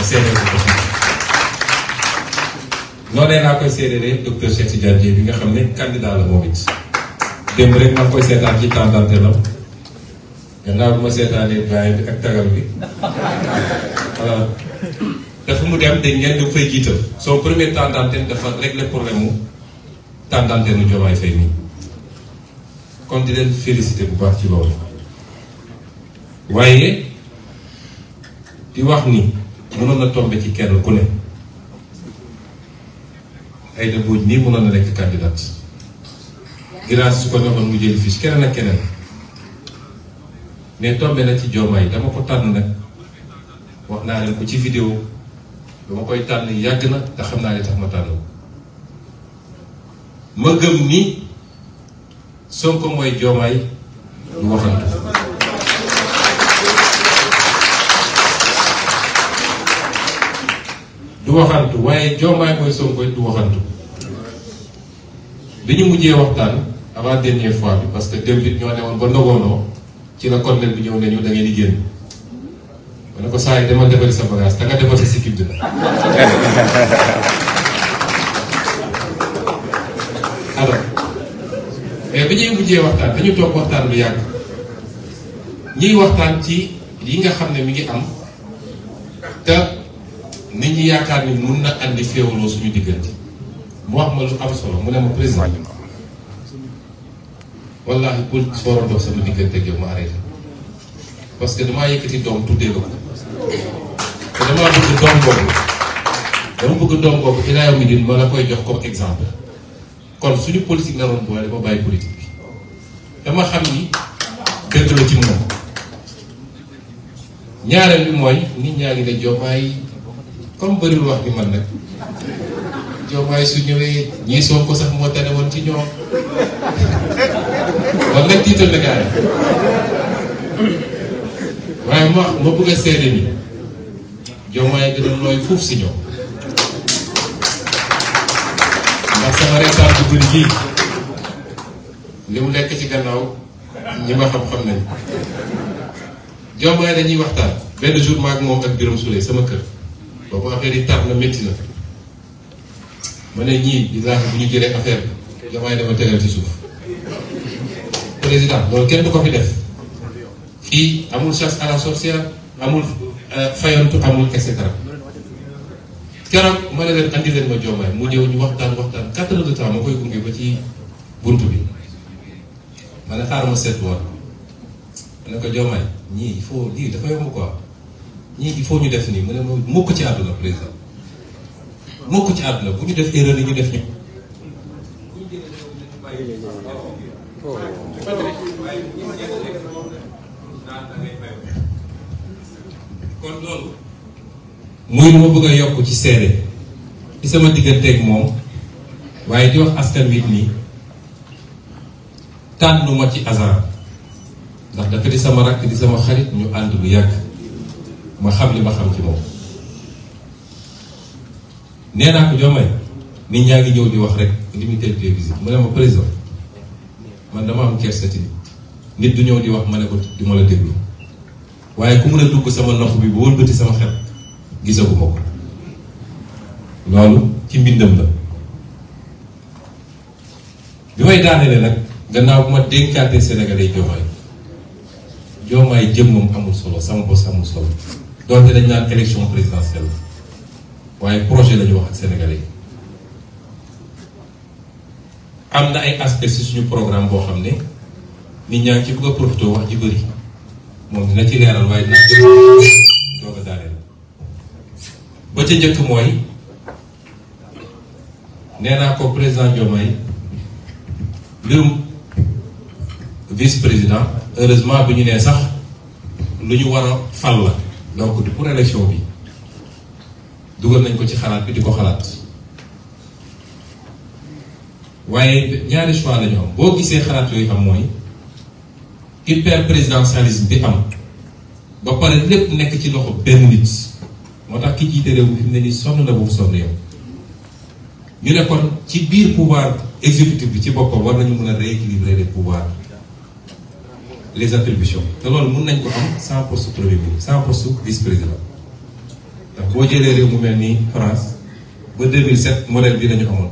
ma seedeel ko aussi. noonee laa koy seedeelee docteur Cheikh Tidiane Dièye bi nga xam ne candidat la moom it. démb rek maa koy seetaan ci temps d'antenne gannaaw bi ma dafa mu dem dañ ngeen ñu fay jiital. son premier temps d'antenne dafa régler problème mu temps d'antenne nu Diomaye Faye nii kon di leen félicité bu baax ci loolu waaye di wax ni. mënoon na tombe ci kenn ku ne Aïda Mbodj nii mënoon na nekk candidate grâce su ko neexoon mu jël fiche keneen ak keneen mais tombe na ci Diomaye dama ko tànn nag wax naa ne ko ci vidéo dama koy tànn yàgg na te naa ne tax ma tànn ko ma gëm ni Sonko mooy Diomaye du waxantu du waxantu waaye joomaay mooy Sonko du waxantu bi ñu mujjee waxtaan avant dernière fois bi parce que démb ñoo ne woon ba ndogoonoo ci la colonel bi ñëw ne ñu da ngeen ma ne ko saa yi demal defari sa bagage da nga defar sa sikkim dina alors mais bi ñuy mujjee waxtaan dañu toog waxtaan lu yàgg ñuy waxtaan ci yi nga xam ne mi ngi am te nit ñi yaakaar ni mun na andi féewaloo suñu diggante mu wax ma lu am solo mu ne ma président wallaahi politique soo ma arrêté parce que damaa yëkkati doom tuddee la ko te damaa bëgg doom boobu dama bëgg doom boobu ilaa yow mi ma la koy jox comme exemple kon suñu politique na roon boole ma bàyyi politique bi dama xam ni dëgg la ci moom ñaareel bi mooy nit ñaa ngi ne Diomaye comme bëriwul wax bi man nag Diomaye su ñëwee ñii soog ko sax moo tane ci ñoom man nag tiital na gaay waaye ma ma bëgg a seede ni Diomaye gën a nooy fuuf si ñoom ndax sama reetaan bu bëri lii li mu lekk ci gannaaw ñi ma xam-xam nañ Diomaye dañuy waxtaan benn jour maag moom ak Birame Souleye sama kër boobu affaire yi tar na métti ma ne ñii dinaa ko bu ñu jëlee affaire bi damay dama tegal ci suuf président loolu kenn du ko fi def fii amul chasse à la sorcière amul euh, fayantu amul et cetera keroog ma ne leen andi leen ma joomaay mu ñëw ñu waxtaan waxtaan quatre heures de temps ma koy gunge ba ci bunt bi ma ne xaar ma seet woon ma ne ko joomaay ñii il faut lii dafa yomb ñii il faut ñu def nii mu ne moom mukk ci àdduna président mukk ci àdduna bu ñu def erreur yi ñu def ñu. loolu. muy lu ma bëgg a yokk ci seede di sama digganteeg moom waaye di wax askan wi nii tànnuma ci hasard ndax dafa di sama rakk di sama xarit ñu ànd lu yàgg. ma xam li ma xam ci moom nee naa ko Diomaye nit ñaa ngi ñëw wax rek limité de visite mu ne nit du ñëw di wax ma ne ko du ma a sama nopp bi ba wëlbati ko loolu ci mbindam la bi may daanelee jëmmam amul solo sama doonte dañ naan élection présidentielle waaye projet la wax ak sénégalais yi am na ay aspects ci suñu programme boo xam ne nit ñaa ngi ci bëgg a profité wax ji bëri moom dina ci leeral waaye dina jël doog mooy nee naa ko président Diomaye mbirum vice président heureusement bu ñu nee sax lu ñu war a fal la. donc du pour élection bi dugal nañ ko ci xalaat bi di ko xalaat waaye ñaari choix lañu ñu am boo gisee xalaat yooyu am mooy hyper présidentialisme bi am ba pare lépp nekk ci loxo benn nit moo tax ki jiite réew mi fi mu ne nii sonn na boobu sonn yow ñu ne kon ci biir pouvoir exécutif bi ci boppam war nañu mën a rééquilibrer les les attributions. Donc, on peut avoir 100 postes premier 100 postes vice-président. Donc, si on a les réunions de France, en 2007, modèle de